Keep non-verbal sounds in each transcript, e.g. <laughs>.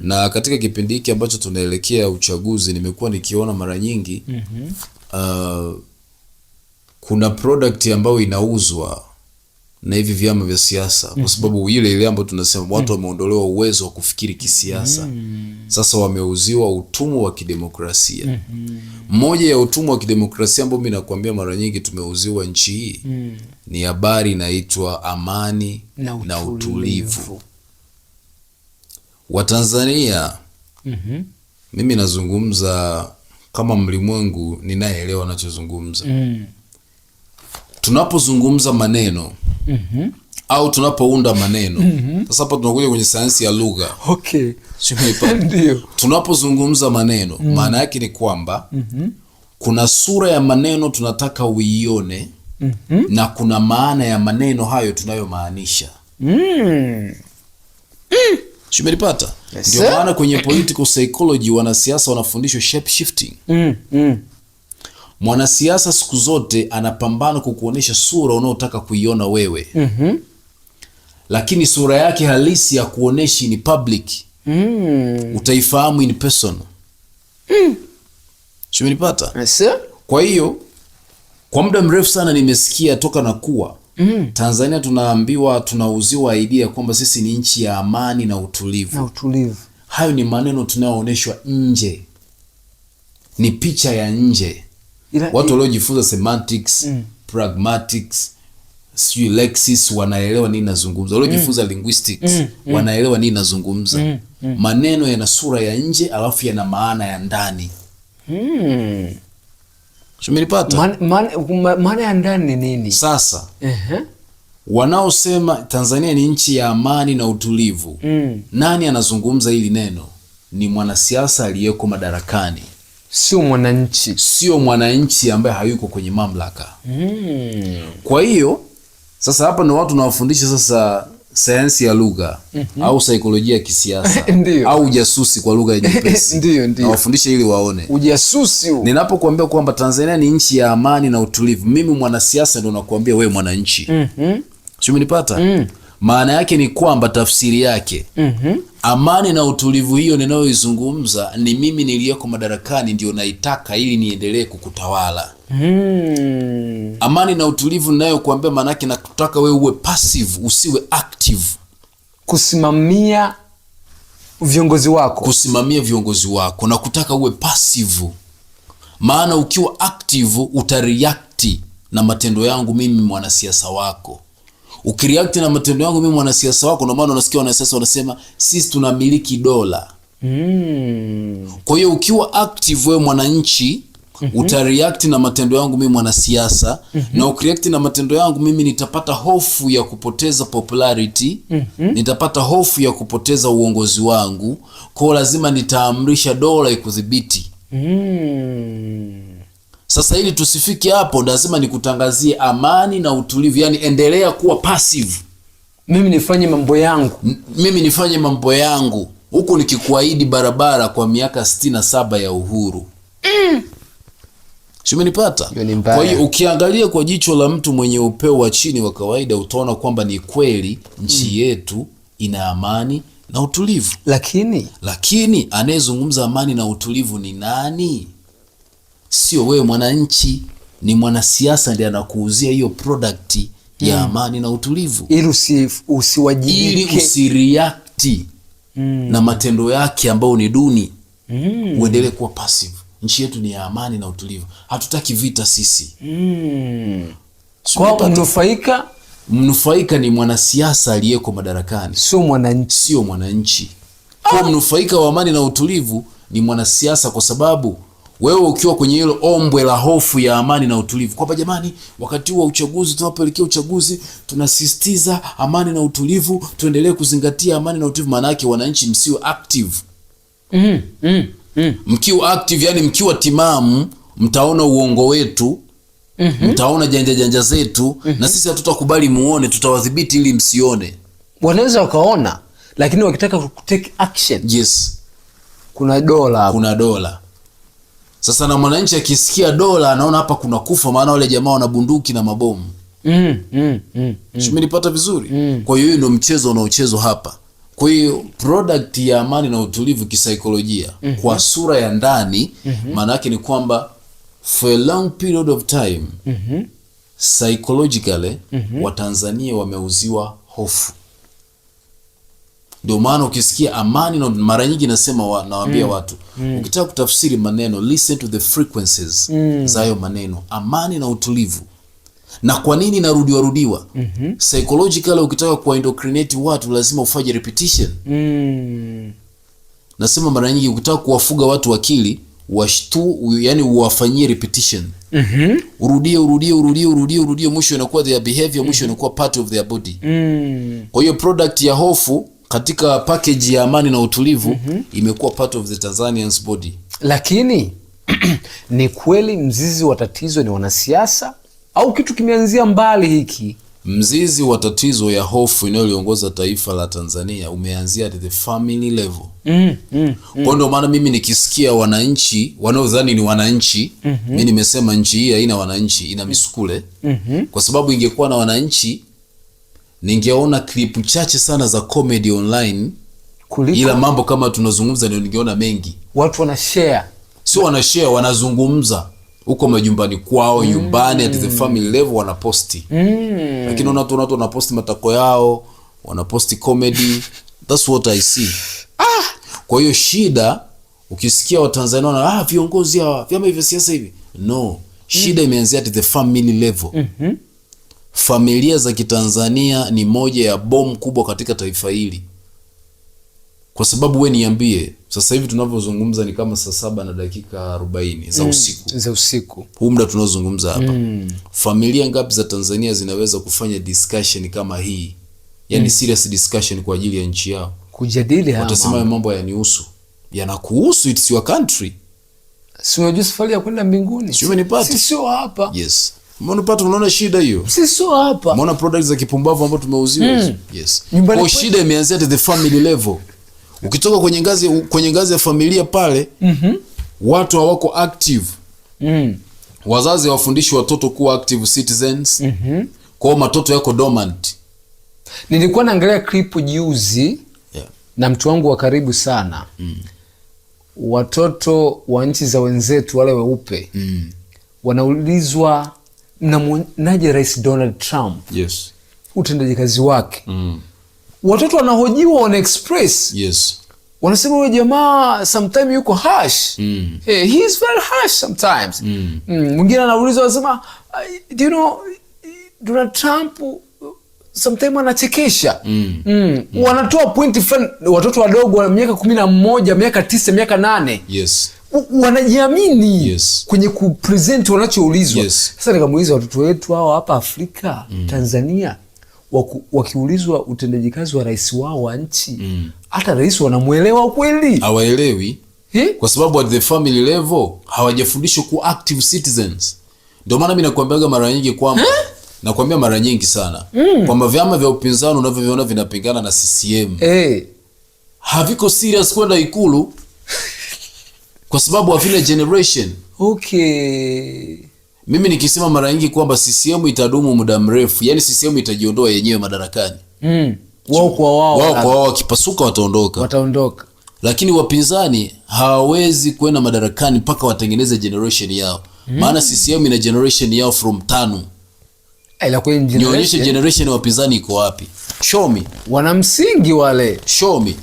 Na katika kipindi hiki ambacho tunaelekea uchaguzi, nimekuwa nikiona mara nyingi mm -hmm. uh, kuna product ambayo inauzwa na hivi vyama vya siasa kwa mhm. sababu ile ile ambayo tunasema watu mhm. wameondolewa uwezo wa kufikiri kisiasa, mhm. sasa wameuziwa utumwa wa kidemokrasia. Moja ya utumwa wa kidemokrasia ambao mimi nakwambia mara nyingi tumeuziwa nchi hii ni habari inaitwa amani na utulivu, na utulivu. Watanzania mimi nazungumza kama mlimwengu ninayeelewa nachozungumza tunapozungumza maneno mm -hmm. au tunapounda maneno mm -hmm. Sasa hapa tunakuja kwenye sayansi ya lugha okay. <laughs> tunapozungumza maneno mm -hmm. maana yake ni kwamba mm -hmm. kuna sura ya maneno tunataka uione mm -hmm. na kuna maana ya maneno hayo tunayomaanisha mm -hmm. mm. Yes, ndio maana kwenye political psychology wanasiasa wanafundishwa shape shifting mm -hmm. Mwanasiasa siku zote anapambana kukuonyesha sura unaotaka kuiona wewe mm -hmm. Lakini sura yake halisi ya kuoneshi ni public mm. Utaifahamu in person mm. Simenipata? Yes. Kwa hiyo kwa muda mrefu sana nimesikia toka na kuwa mm. Tanzania tunaambiwa tunauziwa idea kwamba sisi ni nchi ya amani na utulivu, na utulivu. Hayo ni maneno tunayoonyeshwa nje, ni picha ya nje watu waliojifunza semantics mm. pragmatics sijui lexis wanaelewa nini nazungumza, waliojifunza mm. linguistics mm. mm. wanaelewa nini nazungumza mm. mm. maneno yana sura ya nje alafu yana maana ya ndani mm. Umenipata? maana man, man, ya ndani ni nini? Sasa uh -huh. wanaosema Tanzania ni nchi ya amani na utulivu mm. nani anazungumza hili neno? Ni mwanasiasa aliyeko madarakani sio mwananchi, sio mwananchi ambaye hayuko kwenye mamlaka mm. Kwa hiyo sasa hapa ndo watu nawafundisha sasa sayansi ya lugha mm -hmm. au saikolojia ya kisiasa <laughs> au ujasusi kwa lugha ya <laughs> ili waone ujasusi Ninapokuambia kwamba Tanzania ni nchi ya amani na utulivu, mimi mwanasiasa ndo nakuambia wewe mwananchi mhm. mm -hmm. simenipata mm maana yake ni kwamba tafsiri yake mm -hmm. amani na utulivu hiyo ninayoizungumza ni mimi niliyoko madarakani ndio naitaka ili niendelee kukutawala. Mm. Amani na utulivu ninayokuambia, maanayake nakutaka wewe uwe passive, usiwe active, kusimamia viongozi wako, kusimamia viongozi wako, na kutaka uwe passive, maana ukiwa active utareact na matendo yangu mimi mwanasiasa wako ukireact na matendo yangu mimi mwanasiasa wako. Ndio maana unasikia wanasiasa wanasema sisi tunamiliki dola mm. Kwa hiyo ukiwa active wewe mwananchi Mm -hmm. Utareact na matendo yangu mimi mwanasiasa mm -hmm. Na ukireact na matendo yangu mimi nitapata hofu ya kupoteza popularity mm -hmm. Nitapata hofu ya kupoteza uongozi wangu, kwao lazima nitaamrisha dola ikudhibiti mm. Sasa ili tusifike hapo, lazima nikutangazie amani na utulivu, yaani endelea kuwa passive. Mimi nifanye mambo yangu M mimi nifanye mambo yangu huku nikikuahidi barabara kwa miaka sitini na saba ya uhuru mm. Simenipata? Kwa hiyo ukiangalia kwa jicho la mtu mwenye upeo wa chini wa kawaida utaona kwamba ni kweli nchi mm. yetu ina amani na utulivu, lakini lakini anayezungumza amani na utulivu ni nani? sio wewe mwananchi, ni mwanasiasa ndiye anakuuzia hiyo product mm. ya hmm. amani na utulivu, ili usi, usiwajibike, ili usiriakti mm. na matendo yake ambayo ni duni mm. uendelee kuwa passive. Nchi yetu ni ya amani na utulivu, hatutaki vita sisi mm. kwa mnufaika mnufaika ni mwanasiasa aliyeko madarakani, sio mwananchi, sio mwananchi. Kwa ah! mnufaika wa amani na utulivu ni mwanasiasa, kwa sababu wewe ukiwa kwenye hilo ombwe la hofu ya amani na utulivu, kwamba jamani, wakati huu wa uchaguzi, tunapoelekea uchaguzi, tunasisitiza amani na utulivu, tuendelee kuzingatia amani na utulivu. Maana yake wananchi msiwe active mm, mm, mm. Mkiwa active, yani mkiwa timamu, mtaona uongo wetu mm -hmm. mtaona janja janja zetu mm -hmm. na sisi hatutakubali muone, tutawadhibiti ili msione. Wanaweza wakaona, lakini wakitaka take action yes, kuna dola, kuna dola sasa na mwananchi akisikia dola anaona hapa kuna kufa, maana wale jamaa wana bunduki na mabomu. mm, mm, mm, mm. shumilipata vizuri mm. Kwa hiyo hiyo ndio mchezo unaochezwa hapa. Kwa hiyo product ya amani na utulivu kisaikolojia, mm -hmm. kwa sura ya ndani mhm. maana mm -hmm. ni kwamba for a long period of time mm -hmm. psychologically mm -hmm. Watanzania wameuziwa hofu ndio maana ukisikia amani na mara nyingi nasema wa, nawaambia mm. watu mm. ukitaka kutafsiri maneno listen to the frequencies mm. za hayo maneno, amani na utulivu. Na kwa nini narudiwa rudiwa? mm -hmm. Psychologically ukitaka kuwaindoctrinate watu lazima ufanye repetition mm. Nasema mara nyingi ukitaka kuwafuga watu akili washtu, yani uwafanyie repetition mm -hmm. Urudie, urudie, urudie, urudie, urudie, mwisho inakuwa their behavior, mwisho mm -hmm. inakuwa part of their body mm. Kwa hiyo product ya hofu katika package ya amani na utulivu mm -hmm. imekuwa part of the Tanzanians body, lakini <clears throat> ni kweli mzizi wa tatizo ni wanasiasa au kitu kimeanzia mbali hiki? Mzizi wa tatizo ya hofu inayoliongoza taifa la Tanzania umeanzia at the family level mm, mm, mm. Kwa ndio maana mimi nikisikia wananchi wanaodhani ni wananchi mm -hmm. mimi nimesema nchi hii haina wananchi, ina mm. misukule mm -hmm. kwa sababu ingekuwa na wananchi ningeona klipu chache sana za comedy online kuliko, ila mambo kama tunazungumza ndio ningeona mengi. Watu wana share, sio wana share, wanazungumza huko majumbani kwao, mm. nyumbani, at the family level wanaposti mm. Lakini unaona tu watu wanaposti matako yao, wanaposti comedy that's what I see ah. Kwa hiyo shida ukisikia Watanzania wana ah, viongozi hawa vyama hivyo siasa hivi, no shida mm. Imeanzia at the family level mm -hmm familia za Kitanzania ni moja ya bomu kubwa katika taifa hili, kwa sababu we niambie, sasa hivi tunavyozungumza ni kama saa saba na dakika arobaini za mm. usiku mm, za usiku huu muda tunaozungumza hapa mm. familia ngapi za Tanzania zinaweza kufanya discussion kama hii, yani mm. serious discussion kwa ajili ya nchi yao, kujadili haya watasema, mambo yanihusu, yanakuhusu, it's your country. Si unajua safari ya kwenda mbinguni, sio hapa. Yes. Mwanapata unaona shida hiyo. sio hapa. Unaona products za kipumbavu ambazo tumeuziwa. Mm. Yes. Kwa shida imeanzia at the family level. Ukitoka kwenye ngazi kwenye ngazi ya familia pale, mm -hmm. Watu hawako active. Mm. Wazazi hawafundishi watoto kuwa active citizens. Mm -hmm. Kwao matoto yako dormant. Nilikuwa naangalia clip juzi yeah. Na mtu wangu wa karibu sana. Mm. Watoto wa nchi za wenzetu wale weupe. Mm. Wanaulizwa mnamwonaje Rais Donald Trump? Yes. Utendaji kazi wake mm. Watoto wanahojiwa wana express yes. Wanasema huyo jamaa sometime yuko hash mm. Hey, he is very hash sometimes mwingine mm. Mm. anauliza wanasema do you know Donald Trump uh, sometime anachekesha mm. Mm. Mm. Wanatoa pointi fulani watoto wadogo wa miaka kumi na mmoja miaka tisa miaka nane yes wanajiamini yes. kwenye kupresent wanachoulizwa yes. Sasa nikamuuliza watoto wetu hao hapa Afrika mm. Tanzania waku, wakiulizwa utendaji kazi wa rais wao wa nchi mm. hata mm. rais wanamwelewa kweli? Hawaelewi eh? kwa sababu at the family level hawajafundishwa ku active citizens. Ndio maana mi nakuambiaga mara nyingi kwamba nakwambia mara nyingi sana mm. kwamba vyama vya upinzani unavyoviona vinapingana na CCM hey. Eh. haviko serious kwenda Ikulu kwa sababu wa vile generation. Okay, mimi nikisema mara nyingi kwamba CCM itadumu muda mrefu, yani CCM itajiondoa yenyewe madarakani mm. wao kwa wao, wao kwa wao, wakipasuka wataondoka, wataondoka lakini wapinzani hawawezi kwenda madarakani mpaka watengeneze generation yao mm. Maana CCM ina generation yao from tano. Eh, Nionyeshe generation ya wapinzani iko wapi? Show me. Wana msingi wale, show me,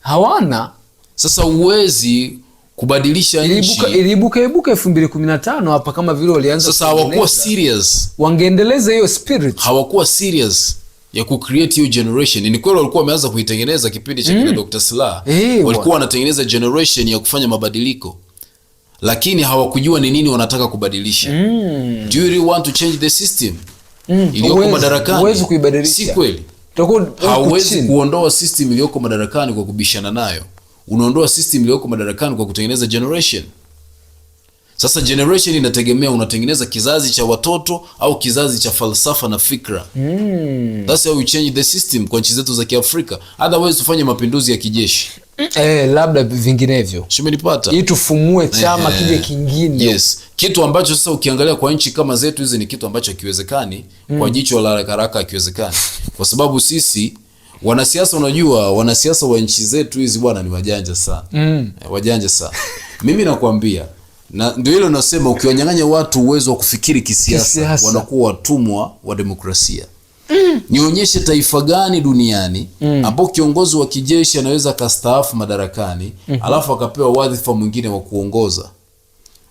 hawana. Sasa uwezi kubadilisha nchi iliibuka ibuka elfu mbili kumi na tano hapa kama vile walianza. Sasa hawakuwa serious, wangeendeleza hiyo spirit, hawakuwa serious ya ku create hiyo generation. Ni kweli walikuwa wameanza kuitengeneza kipindi cha mm. kina Dr. Slaa, eh, walikuwa wanatengeneza generation ya kufanya mabadiliko, lakini hawakujua ni nini wanataka kubadilisha. Mm. Do you really want to change the system mm, iliyoko madarakani? Huwezi kuibadilisha, si kweli. Hauwezi kuondoa system iliyoko madarakani kwa kubishana nayo unaondoa system iliyoko madarakani kwa kutengeneza generation. Sasa generation inategemea unatengeneza kizazi cha watoto au kizazi cha falsafa na fikra. Mm. That's how you change the system kwa nchi zetu za Kiafrika. Otherwise tufanye mapinduzi ya kijeshi. Eh, labda vinginevyo. Shimenipata. Hii tufumue chama eh, kije kingine. Yes. Kitu ambacho sasa ukiangalia kwa nchi kama zetu hizi ni kitu ambacho hakiwezekani mm. Kwa hmm. jicho la haraka haraka hakiwezekani. Kwa sababu sisi Wanasiasa unajua, wanasiasa wa nchi zetu hizi bwana ni wajanja sana mm. Eh, wajanja sana <laughs> mimi nakwambia, na ndio hilo nasema, ukiwanyang'anya watu uwezo wa kufikiri kisiasa, kisiasa, wanakuwa watumwa wa demokrasia mm. Nionyeshe taifa gani duniani mm. ambapo kiongozi wa kijeshi anaweza akastaafu madarakani mm -hmm. alafu akapewa wadhifa mwingine wa kuongoza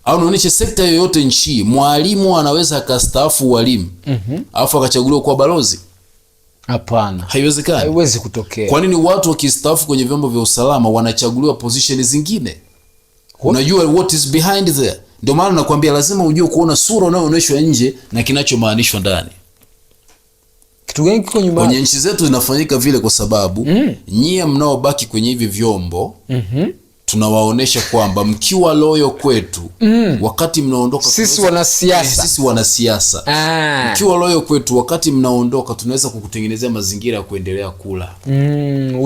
au naonyeshe sekta yoyote nchi, mwalimu anaweza akastaafu ualimu mm -hmm. alafu akachaguliwa kuwa balozi Hapana, haiwezekani, haiwezi kutokea. Kwa nini watu wakistaafu kwenye vyombo vya usalama wanachaguliwa position zingine? Unajua what is behind there? Ndio maana nakwambia lazima ujue kuona sura unayoonyeshwa nje na kinachomaanishwa ndani. Kitu gani kiko nyuma? Kwenye nchi zetu zinafanyika vile kwa sababu mm. nyie mnaobaki kwenye hivi vyombo mm -hmm tunawaonesha kwamba mkiwa loyo kwetu mm. wakati mnaondoka sisi wanasiasa, eh, sisi wanasiasa ah. mkiwa loyo kwetu wakati mnaondoka tunaweza kukutengenezea mazingira ya kuendelea kula mm,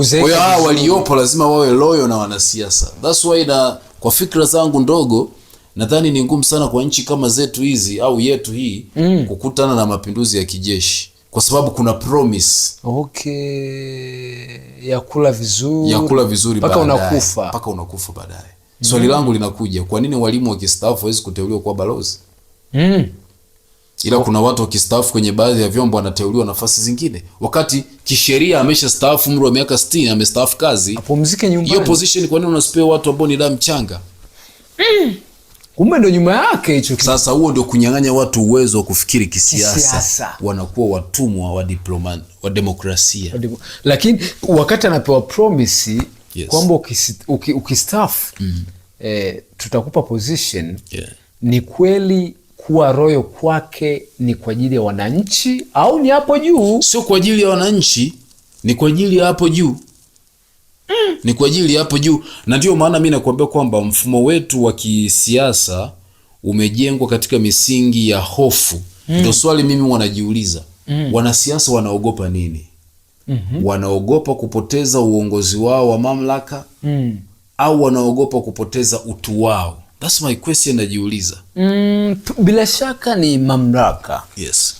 waliopo lazima wawe loyo na wanasiasa. That's why na kwa fikra zangu ndogo nadhani ni ngumu sana kwa nchi kama zetu hizi au yetu hii mm. kukutana na mapinduzi ya kijeshi kwa sababu kuna promise okay, ya kula vizuri, ya kula vizuri mpaka unakufa, mpaka unakufa baadaye. mm. Swali langu linakuja, kwa nini walimu wa wakistaafu hawezi kuteuliwa kuwa balozi? mm. Ila kuna watu wa wakistaafu kwenye baadhi ya vyombo wanateuliwa nafasi zingine, wakati kisheria amesha ameshastaafu umri wa miaka 60, amestaafu kazi, apumzike nyumbani. Hiyo position kwa nini unasipewa watu ambao ni damu changa? mm. Kumbe ndo nyuma yake hicho. Sasa huo ndio kunyang'anya watu uwezo wa kufikiri kisiasa, wanakuwa watumwa wa diploma, wa demokrasia. Lakini wakati anapewa promise yes, kwamba uki mm, eh, tutakupa position yeah. Ni kweli kuwa royo kwake ni kwa ajili ya wananchi au ni hapo juu? Sio kwa ajili ya wananchi, ni kwa ajili ya hapo juu ni kwa ajili hapo juu, na ndio maana mi nakuambia kwamba mfumo wetu wa kisiasa umejengwa katika misingi ya hofu. Mm. Ndio mm. swali mimi wanajiuliza mm. wanasiasa wanaogopa nini? mm -hmm. wanaogopa kupoteza uongozi wao wa mamlaka mm. au wanaogopa kupoteza utu wao? That's my question, najiuliza. Mm, bila shaka ni mamlaka. Yes.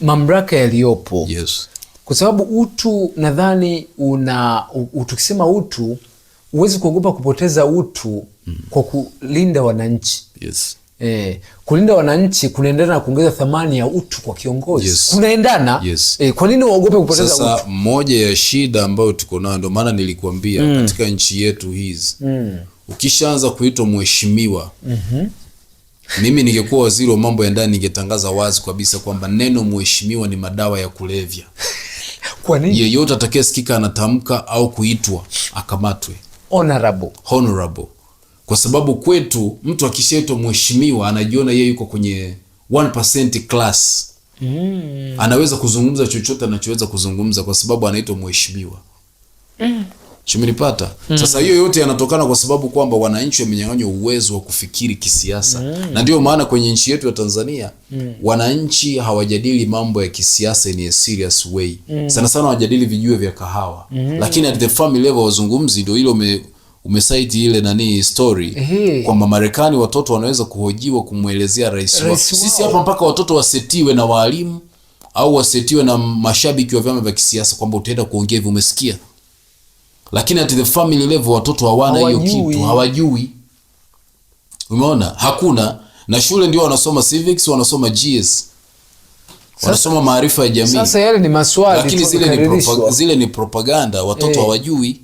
mamlaka yaliyopo. Yes kwa sababu utu nadhani una tukisema utu huwezi kuogopa kupoteza utu mm. kwa kulinda wananchi yes. E, kulinda wananchi kunaendana na kuongeza thamani ya utu kwa kiongozi yes. kunaendana yes. E, kwa nini waogope kupoteza sasa utu? Moja ya shida ambayo tuko nayo ndio maana nilikuambia mm. katika nchi yetu hizi mm. ukishaanza kuitwa mheshimiwa mm -hmm. Mimi ningekuwa waziri wa mambo ya ndani ningetangaza wazi kabisa kwamba neno mheshimiwa ni madawa ya kulevya. <laughs> Kwa nini? Yeyote atakayesikika anatamka au kuitwa akamatwe. Honorable. Honorable. Kwa sababu kwetu mtu akishaitwa mheshimiwa anajiona yeye yuko kwenye 1% class. Mm. Anaweza kuzungumza chochote anachoweza kuzungumza kwa sababu anaitwa mheshimiwa. Mm shumenipata mm. Sasa hiyo yote yanatokana kwa sababu kwamba wananchi wamenyang'anywa uwezo wa kufikiri kisiasa mm. Na ndio maana kwenye nchi yetu ya Tanzania mm. wananchi hawajadili mambo ya kisiasa in a serious way mm. Sana sana wajadili vijue vya kahawa mm. Lakini at the family level wazungumzi, ndio ile ume, umesaiti ile nani story hey. Kwamba Marekani watoto wanaweza kuhojiwa kumwelezea rais wao. Sisi hapa mpaka watoto wasetiwe na walimu au wasetiwe na mashabiki wa vyama vya kisiasa kwamba utaenda kuongea hivi umesikia lakini at the family level watoto hawana hiyo kitu, hawajui. Umeona, hakuna na shule ndio wanasoma civics, wanasoma GS, wanasoma maarifa ya jamii. Sasa yale ni maswali, lakini zile ni, zile ni propaganda, watoto eh. hawajui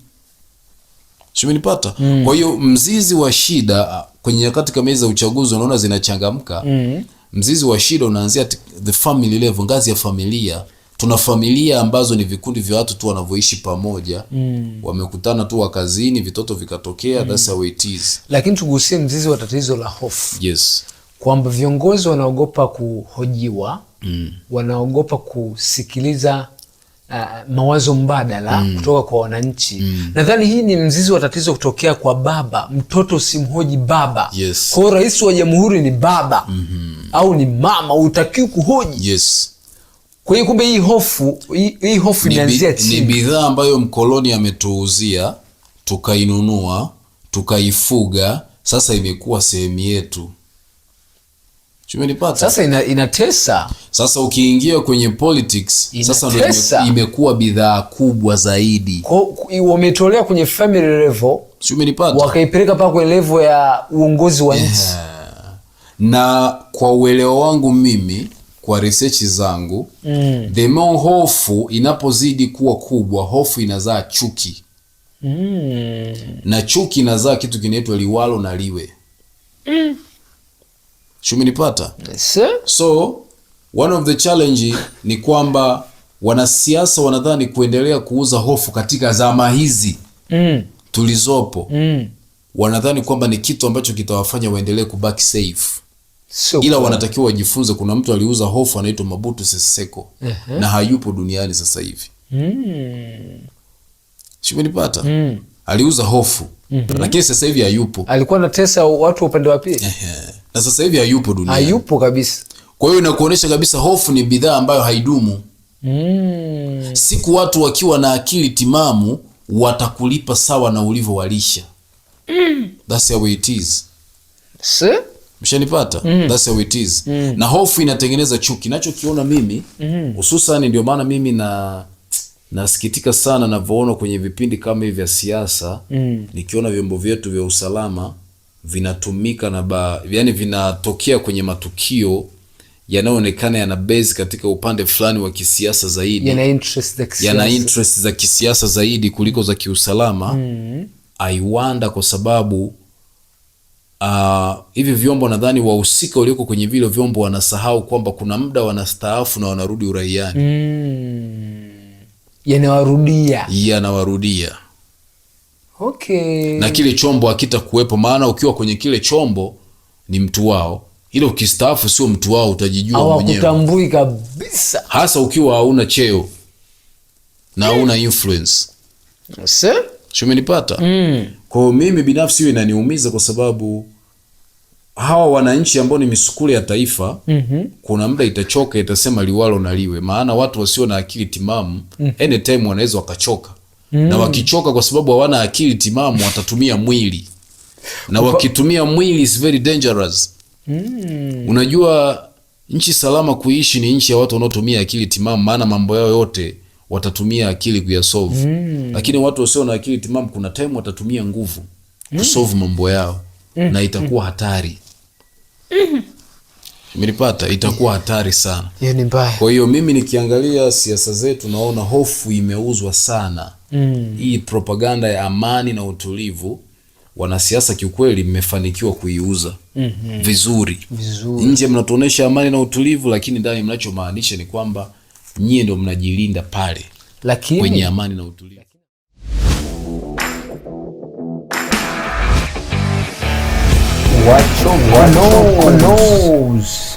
hey. mm. Kwa hiyo mzizi wa shida ah, kwenye nyakati kama hizi za uchaguzi unaona zinachangamka mm. Mzizi wa shida unaanzia the family level, ngazi ya familia tuna familia ambazo ni vikundi vya watu tu wanavyoishi pamoja mm. wamekutana tu wakazini, vitoto vikatokea mm. that's how it is. Lakini tugusie mzizi wa tatizo la hofu yes, kwamba viongozi wanaogopa kuhojiwa mm. wanaogopa kusikiliza Uh, mawazo mbadala mm. kutoka kwa wananchi mm. Nadhani hii ni mzizi wa tatizo kutokea kwa baba. Mtoto simhoji baba yes. Kwa rais wa jamhuri ni baba mm -hmm. au ni mama, utakiwi kuhoji yes. Kwa hiyo kumbe hii hofu hii hofu inaanzia chini. Ni bidhaa ambayo mkoloni ametuuzia tukainunua tukaifuga, sasa imekuwa sehemu yetu. Chumenipata? Sasa ina, inatesa. Sasa ukiingia kwenye politics inatesa. Sasa ndio imekuwa bidhaa kubwa zaidi. Kwa wametolea kwenye family level. Chumenipata? Wakaipeleka paka kwenye level ya uongozi wa nchi. Yeah. Na kwa uelewa wangu mimi kwa research zangu mm. demo hofu inapozidi kuwa kubwa, hofu inazaa chuki mm. na chuki inazaa kitu kinaitwa liwalo na liwe mm. shuminipata yes, so one of the challenge ni kwamba wanasiasa wanadhani kuendelea kuuza hofu katika zama hizi mm. tulizopo mm. wanadhani kwamba ni kitu ambacho kitawafanya waendelee kubaki safe So, ila wanatakiwa wajifunze. Kuna mtu aliuza hofu anaitwa Mabutu Sese Seko uh -huh. na hayupo duniani sasa hivi mm. shimenipata mm. aliuza hofu mm -hmm. lakini sasa hivi hayupo, alikuwa anatesa watu wa upande wa pili na sasa hivi hayupo duniani, hayupo kabisa. Kwa hiyo inakuonyesha kabisa hofu ni bidhaa ambayo haidumu mm. Siku watu wakiwa na akili timamu watakulipa sawa na ulivyowalisha mm. That's how it is. See? Mshanipata? mm. That's how it is. Mm. Na hofu inatengeneza chuki. Nachokiona mimi mm. hususan mm. ndio maana mimi na nasikitika sana navyoona kwenye vipindi kama hivi vya siasa mm. nikiona vyombo vyetu vya usalama vinatumika na ba, yani vinatokea kwenye matukio yanayoonekana yana base katika upande fulani wa kisiasa zaidi, yana interest kisiasa, yana interest za kisiasa zaidi kuliko za kiusalama mm. aiwanda kwa sababu Uh, hivi vyombo nadhani wahusika walioko kwenye vile vyombo wanasahau kwamba kuna muda wanastaafu na wanarudi uraiani. Mm. Yanawarudia. Yanawarudia. Okay. Na kile chombo akita kuwepo maana ukiwa kwenye kile chombo ni mtu wao, ila ukistaafu sio mtu wao, utajijua mwenyewe. kabisa, hasa ukiwa hauna cheo na eh. hauna influence. Sasa, umenipata? Mm. kwao mimi binafsi hiyo inaniumiza kwa sababu hawa wananchi ambao ni misukuli ya taifa mm -hmm. Kuna muda itachoka, itasema liwalo na liwe, maana watu wasio na akili timamu mm -hmm. anytime wanaweza wakachoka mm -hmm. na wakichoka, kwa sababu hawana akili timamu, watatumia mwili na wakitumia mwili is very dangerous mm -hmm. Unajua, nchi salama kuishi ni nchi ya watu wanaotumia akili timamu, maana mambo yao yote watatumia akili kuyasolve mm -hmm. Lakini watu wasio na akili timamu, kuna time watatumia nguvu mm. kusolve mambo yao mm -hmm. na itakuwa hatari Umenipata, itakuwa hatari sana. Hiyo ni mbaya. Kwa hiyo mimi nikiangalia siasa zetu naona hofu imeuzwa sana. Mm. Hii propaganda ya amani na utulivu wanasiasa kiukweli mmefanikiwa kuiuza mm -hmm. vizuri. Vizuri. Nje mnatuonesha amani na utulivu, lakini ndani mnachomaanisha ni kwamba nyie ndio mnajilinda pale lakini kwenye amani na utulivu What your Knows?